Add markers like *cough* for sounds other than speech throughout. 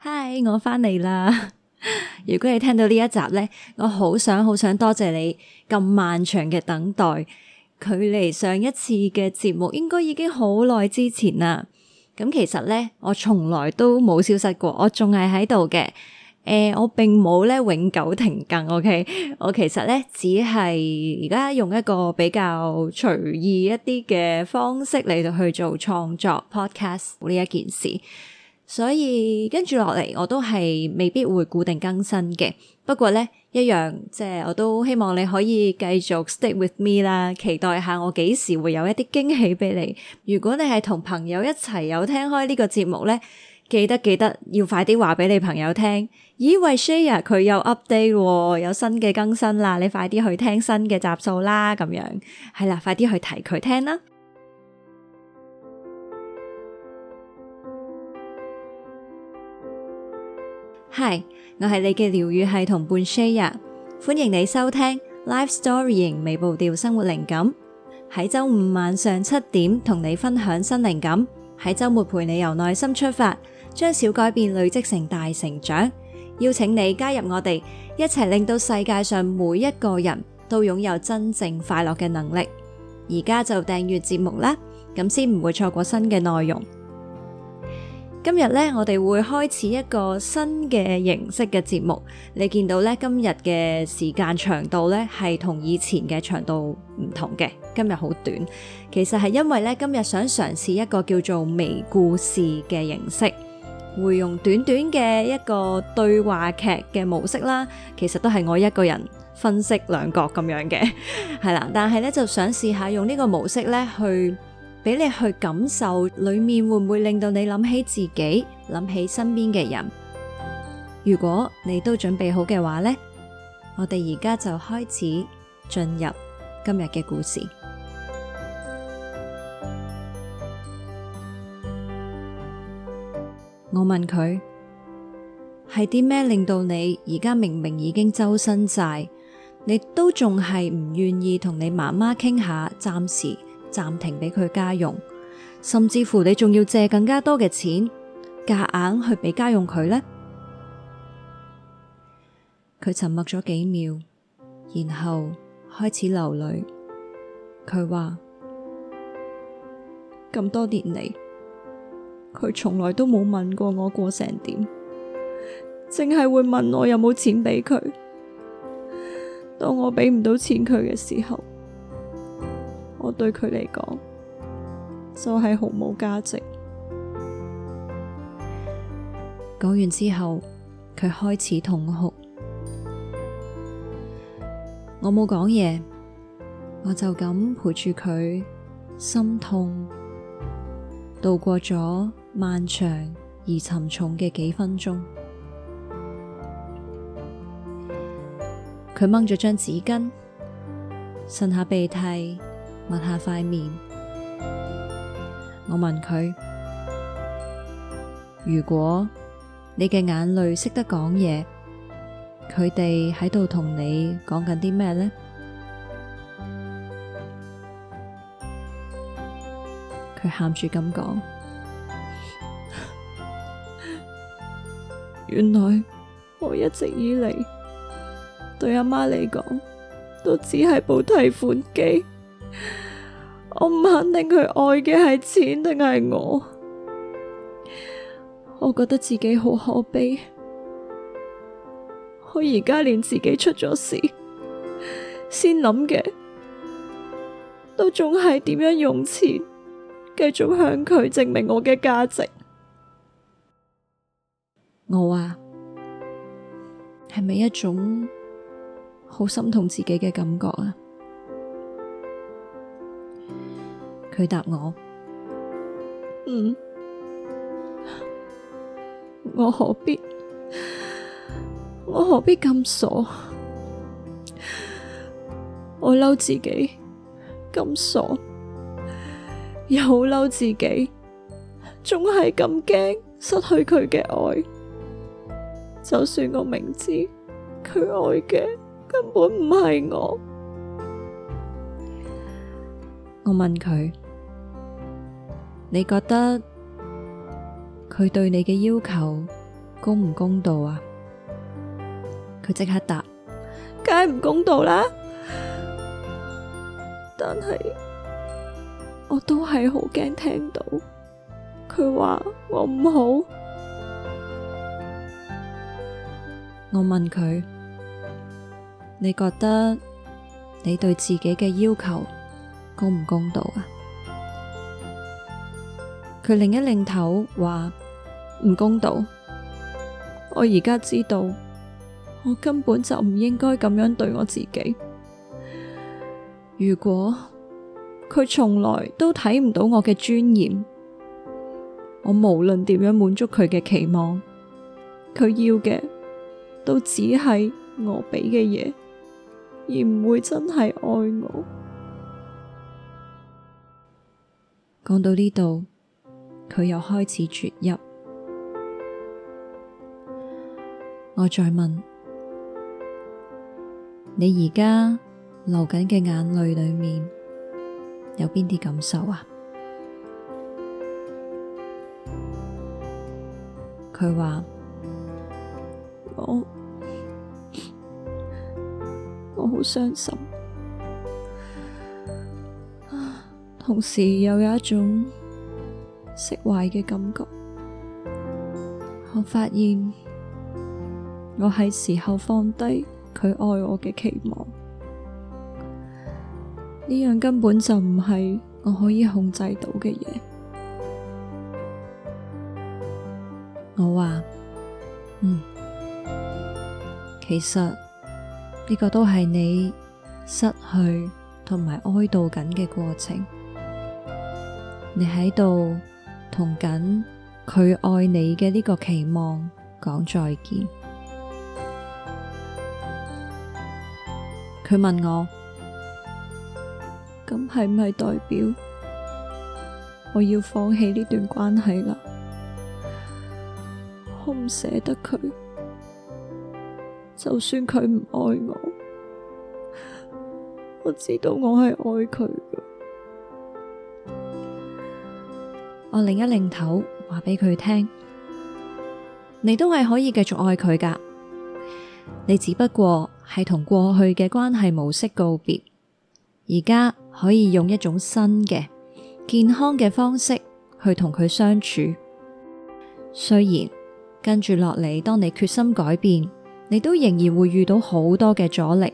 嗨，Hi, 我翻嚟啦！ *laughs* 如果你聽到呢一集咧，我好想好想多謝你咁漫長嘅等待。距離上一次嘅節目，應該已經好耐之前啦。咁其實咧，我從來都冇消失過，我仲係喺度嘅。誒、呃，我並冇咧永久停更。OK，我其實咧只係而家用一個比較隨意一啲嘅方式嚟到去做創作 podcast 呢一件事。所以跟住落嚟，我都係未必會固定更新嘅。不過咧，一樣即係我都希望你可以繼續 stick with me 啦，期待下我幾時會有一啲驚喜俾你。如果你係同朋友一齊有聽開呢個節目咧，記得記得要快啲話俾你朋友聽。咦，喂，Shaya，佢有 update 喎，有新嘅更新啦，你快啲去聽新嘅集數啦，咁樣係啦，快啲去提佢聽啦。嗨，我係你嘅療癒系同伴 Shaya，歡迎你收聽 Life Storying 微步調生活靈感。喺周五晚上七點同你分享新靈感，喺周末陪你由內心出發，將小改變累積成大成長。邀請你加入我哋，一齊令到世界上每一個人都擁有真正快樂嘅能力。而家就訂閱節目啦，咁先唔會錯過新嘅內容。今日咧，我哋會開始一個新嘅形式嘅節目。你見到咧，今日嘅時間長度咧係同以前嘅長度唔同嘅。今日好短，其實係因為咧今日想嘗試一個叫做微故事嘅形式，會用短短嘅一個對話劇嘅模式啦。其實都係我一個人分析兩角咁樣嘅，係啦。但係咧就想試下用呢個模式咧去。俾你去感受裏面，會唔會令到你諗起自己，諗起身邊嘅人？如果你都準備好嘅話呢，我哋而家就開始進入今日嘅故事。我問佢係啲咩令到你而家明明已經周身債，你都仲係唔願意同你媽媽傾下？暫時。暫停俾佢家用，甚至乎你仲要借更加多嘅錢夾硬去俾家用佢呢？佢沉默咗幾秒，然後開始流淚。佢話咁多年嚟，佢從來都冇問過我過成點，淨係會問我有冇錢俾佢。當我俾唔到錢佢嘅時候。我對佢嚟講，就係、是、毫無價值。講完之後，佢開始痛哭。我冇講嘢，我就咁陪住佢，心痛，度過咗漫長而沉重嘅幾分鐘。佢掹咗張紙巾，擤下鼻涕。抹下塊面，我問佢：如果你嘅眼淚識得講嘢，佢哋喺度同你講緊啲咩呢？佢喊住咁講，原來我一直以嚟對阿媽嚟講，都只係部提款機。我唔肯定佢愛嘅係錢定係我，我覺得自己好可悲。我而家連自己出咗事，先諗嘅都仲係點樣用錢繼續向佢證明我嘅價值。我話，係咪一種好心痛自己嘅感覺啊？佢答我：嗯，我何必？我何必咁傻？我嬲自己咁傻，又好嬲自己，仲係咁驚失去佢嘅愛。就算我明知佢愛嘅根本唔係我，我問佢。你覺得佢對你嘅要求公唔公道啊？佢即刻答：梗係唔公道啦。但係我都係好驚聽到佢話我唔好。我問佢：你覺得你對自己嘅要求公唔公道啊？佢擰一擰頭，話唔公道。我而家知道，我根本就唔應該咁樣對我自己。如果佢從來都睇唔到我嘅尊嚴，我無論點樣滿足佢嘅期望，佢要嘅都只係我俾嘅嘢，而唔會真係愛我。講到呢度。佢又開始啜泣，我再問，你而家流緊嘅眼淚裏面有邊啲感受啊？佢話我，我好傷心，同時又有一種。釋懷嘅感覺，我發現我係時候放低佢愛我嘅期望，呢樣根本就唔係我可以控制到嘅嘢。我話，嗯，其實呢個都係你失去同埋哀悼緊嘅過程，你喺度。同緊佢愛你嘅呢個期望講再見。佢問我，咁係唔係代表我要放棄呢段關係啦？我唔捨得佢，就算佢唔愛我，我知道我係愛佢。我擰一擰頭，話俾佢聽，你都係可以繼續愛佢噶。你只不過係同過去嘅關係模式告別，而家可以用一種新嘅、健康嘅方式去同佢相處。雖然跟住落嚟，當你決心改變，你都仍然會遇到好多嘅阻力，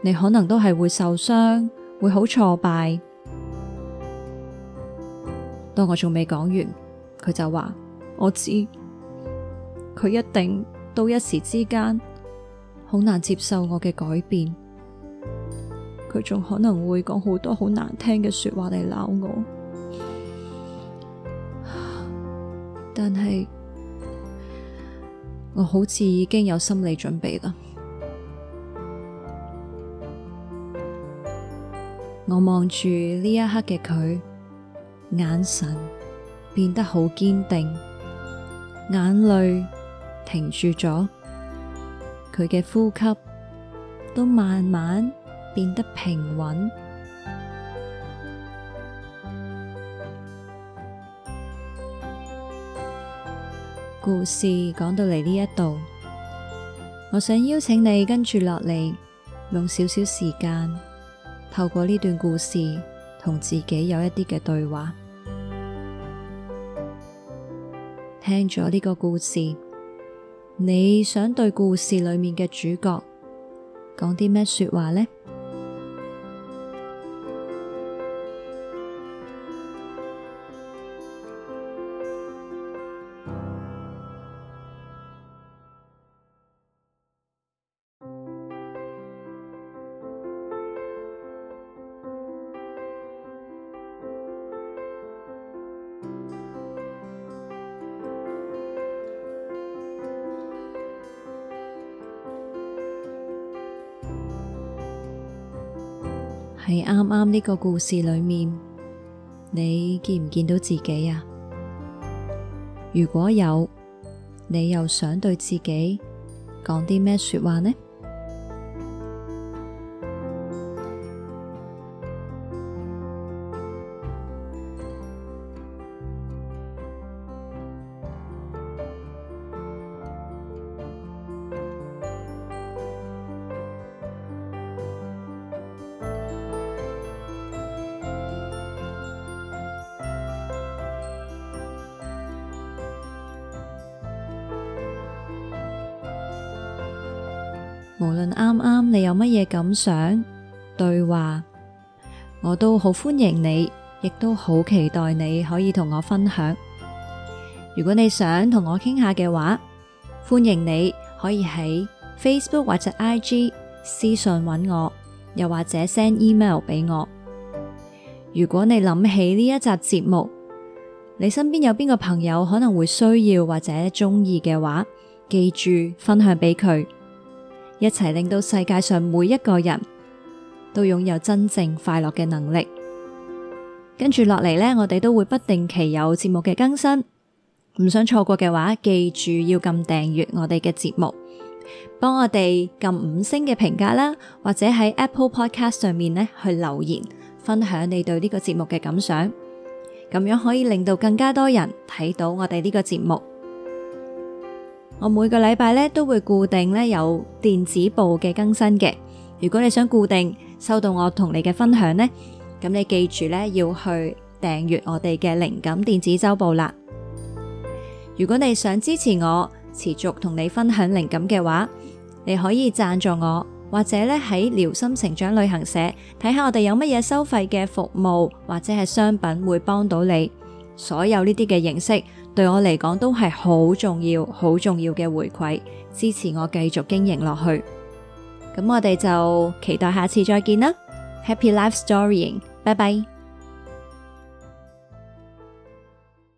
你可能都係會受傷，會好挫敗。當我仲未講完，佢就話我知佢一定到一時之間好難接受我嘅改變，佢仲可能會講好多好難聽嘅說話嚟鬧我。但係我好似已經有心理準備喇。我望住呢一刻嘅佢。眼神變得好堅定，眼淚停住咗，佢嘅呼吸都慢慢變得平穩。 *noise* 故事講到嚟呢一度，我想邀請你跟住落嚟，用少少時間透過呢段故事。同自己有一啲嘅對話，聽咗呢個故事，你想對故事裏面嘅主角講啲咩說話呢？喺啱啱呢個故事裏面，你見唔見到自己啊？如果有，你又想對自己講啲咩說話呢？無論啱啱你有乜嘢感想對話，我都好歡迎你，亦都好期待你可以同我分享。如果你想同我傾下嘅話，歡迎你可以喺 Facebook 或者 IG 私信搵我，又或者 send email 俾我。如果你諗起呢一集節目，你身邊有邊個朋友可能會需要或者中意嘅話，記住分享俾佢。一齊令到世界上每一個人都擁有真正快樂嘅能力。跟住落嚟呢，我哋都會不定期有節目嘅更新，唔想錯過嘅話，記住要撳訂閱我哋嘅節目，幫我哋撳五星嘅評價啦，或者喺 Apple Podcast 上面呢去留言，分享你對呢個節目嘅感想，咁樣可以令到更加多人睇到我哋呢個節目。我每個禮拜咧都會固定咧有電子報嘅更新嘅，如果你想固定收到我同你嘅分享呢，咁你記住咧要去訂閱我哋嘅靈感電子週報啦。如果你想支持我持續同你分享靈感嘅話，你可以贊助我，或者咧喺療心成長旅行社睇下我哋有乜嘢收費嘅服務或者係商品會幫到你，所有呢啲嘅形式，對我嚟講都係好重要，好重要嘅回饋，支持我繼續經營落去。咁我哋就期待下次再見啦！Happy Life Storying，拜拜。